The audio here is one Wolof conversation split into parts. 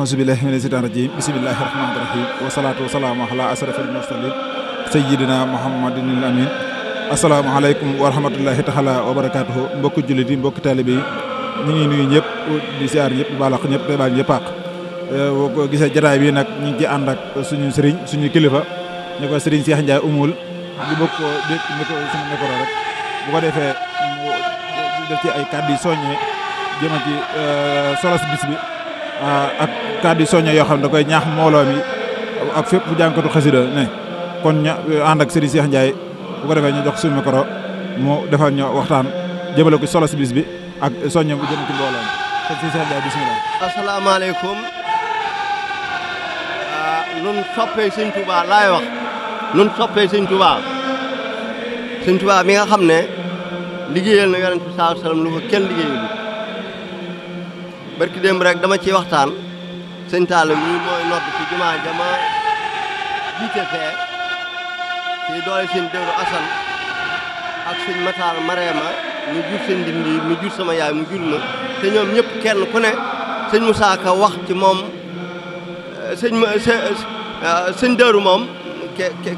auzu billahi mina shaytaani rajiim bismillahi rahmaani rahiim wasalaatu wasalaamu ala asrafil mursalin sayyidina muhammadin al amin assalaamu aleykum wa rahmatullahi taala wa barakaatuhu mbokki jullit yi mbokki taalibe yi ñu ngi nuyu ñëpp di siyaar ñëpp balax ñëpp tey baal ñëpp àq eh, boo gisee jataay bi nag ñu ngi ci ànd ak suñu sëriñ suñu kilifa ñu ko sëriñ Cheikh Ndiaye umul ñu bokk ko dégg ñu ko suñu micro rek bu ko defee mu def ci ay kàddu yu soññee jëma ci eh, solos bis bi ah, ak kàddu soñño yoo xam ne da koy ñaax mbooloo mi ak fépp bu jànkatu xasida ne kon ña euh, ànd ak Serigne Cheikh Ndiaye bu ko defee ñu jox suñu micro mu defal ñu waxtaan jëmale ko solo si bi ak soñño bu jëm ci mbooloo mi Serigne Cheikh Ndiaye bismillah asalaamaaleykum euh, nun soppee Sëñ Tuubaa laay wax nun soppee Sëñ Tuubaa Sëñ Tuubaa mi nga xam ne liggéeyal na yonent bi sallallahu alayhi lu ko kenn liggéeyal barki démb rek dama ciy waxtaan sëñ Talla mii mooy nodd ci jumaa jama jiite fee ci doole sëñ Dëru Asan ak sëñ Matar Marema mu jur sëñ Ndindi mu jur sama yaay mu jur ma te ñoom ñëpp kenn ku ne sëñ Moussa Ka wax ci moom euh, sëñ ma euh, sëñ Dëru moom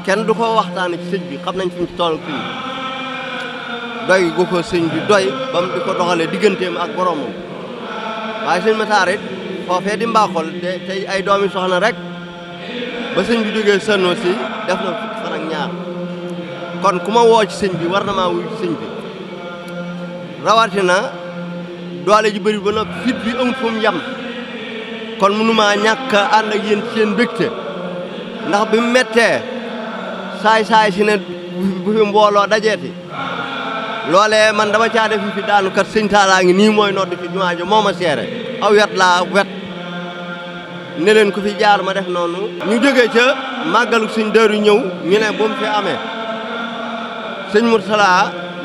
kenn du ko waxtaane ci sëñ bi xam nañ fi mu ci toll fii doy gu ko sëñ bi doy ba mu di ko doxalee digganteem ak boromam waaye sëñ Matar foofee di mbaaxool te tey ay doomi soxna rek ba sëñ bi jógee sënnoo si ñaar kon ku ma woo ci sëñ bi war na maa wuyu ci doole ji bëri ba noppi fit bi amut kon mënumaa ñàkk a ànd ak yéen ci seen mbégte ndax bi saay-saay si ne bu fi mbooloo dajeeti loolee man dama caa def fi daanu kat sëñ taalaa ngi nii mooy nodd seere aw wet wet ne leen ku fi jaar ma def noonu ñu jógee ca màggalu sëñ Daaru ñëw ñu ne bu mu fi amee sëñ Murtala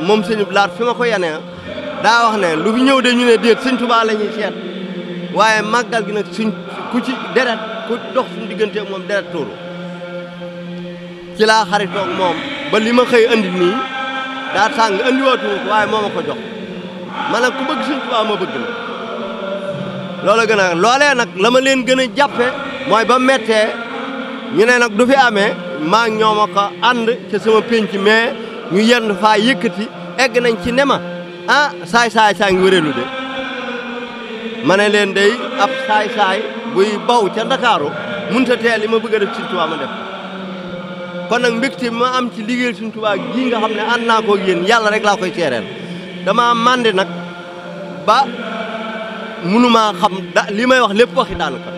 moom sëñ Blaat fi ma ko yenee daa wax ne lu fi ñëw de ñu ne déet sëñ Tuubaa la ñuy seet waaye màggal gi na suñ ku ci deret ku dox suñu diggante ak moom deret tuuru ci laa xaritoog moom ba li ma daa tàng andiwaatu waaye moo ko jox ma ne ku bëgg sëñ Tuubaa ma la loolu gën a loolee nag la ma leen gën a jàppe mooy ba mettee ñu ne nag du fi amee maa ngi ñoom a ko ànd ci sama pénc mais ñu yenn faa yëkkati egg nañ ci ne ma ah saay saay saa ngi wërelu de ma ne leen day ab saay saay buy baw ca Ndakaaru munta teel li ma bëgg a def Sëñ Tuubaa ma def kon nag mbégte ma am ci liggéeyal Sëñ Tuubaa gii nga xam ne ànd naa ko yéen yàlla rek laa koy ceereel dama màndi nag ba mënumaa xam da li may wax lépp waxi daanu ko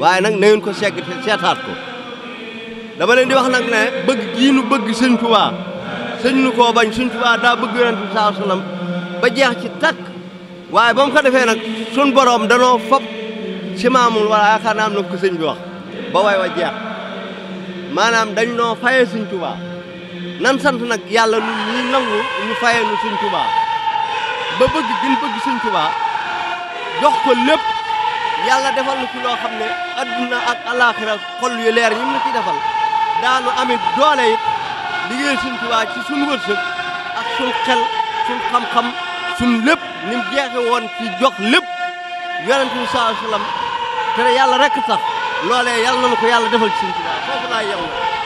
waaye nag na ko segg te seetaat ko dama leen di wax nag ne bëgg gii nu bëgg sëñ Tuubaa sëñ nu koo bañ sëñ Tuubaa daa bëgg yonent bi saa ba jeex ci takk waaye ba mu ko defee nag sun borom danoo fop si maamul wala yaakaar naa am ko sëñ bi wax ba way wa jeex maanaam dañ noo fayee sëñ Tuubaa nan sant nag yàlla nu ñuy nangu ñu fayee nu sëñ Tuubaa ba bëgg gën bëgg sëñ Tuubaa jox ko lépp yàlla defal na ci loo xam ne adduna ak alaaxira xol yu leer yi mu ci defal daanu amit doole it liggéey suñ ci suñ wërsëg ak suñ xel suñ xam-xam suñ lépp ni mu jeexe woon ci jox lépp yonent bi sallallahu yàlla rekk sax loolee yàlla na ko yàlla defal ci suñ Tuubaa foofu laa yew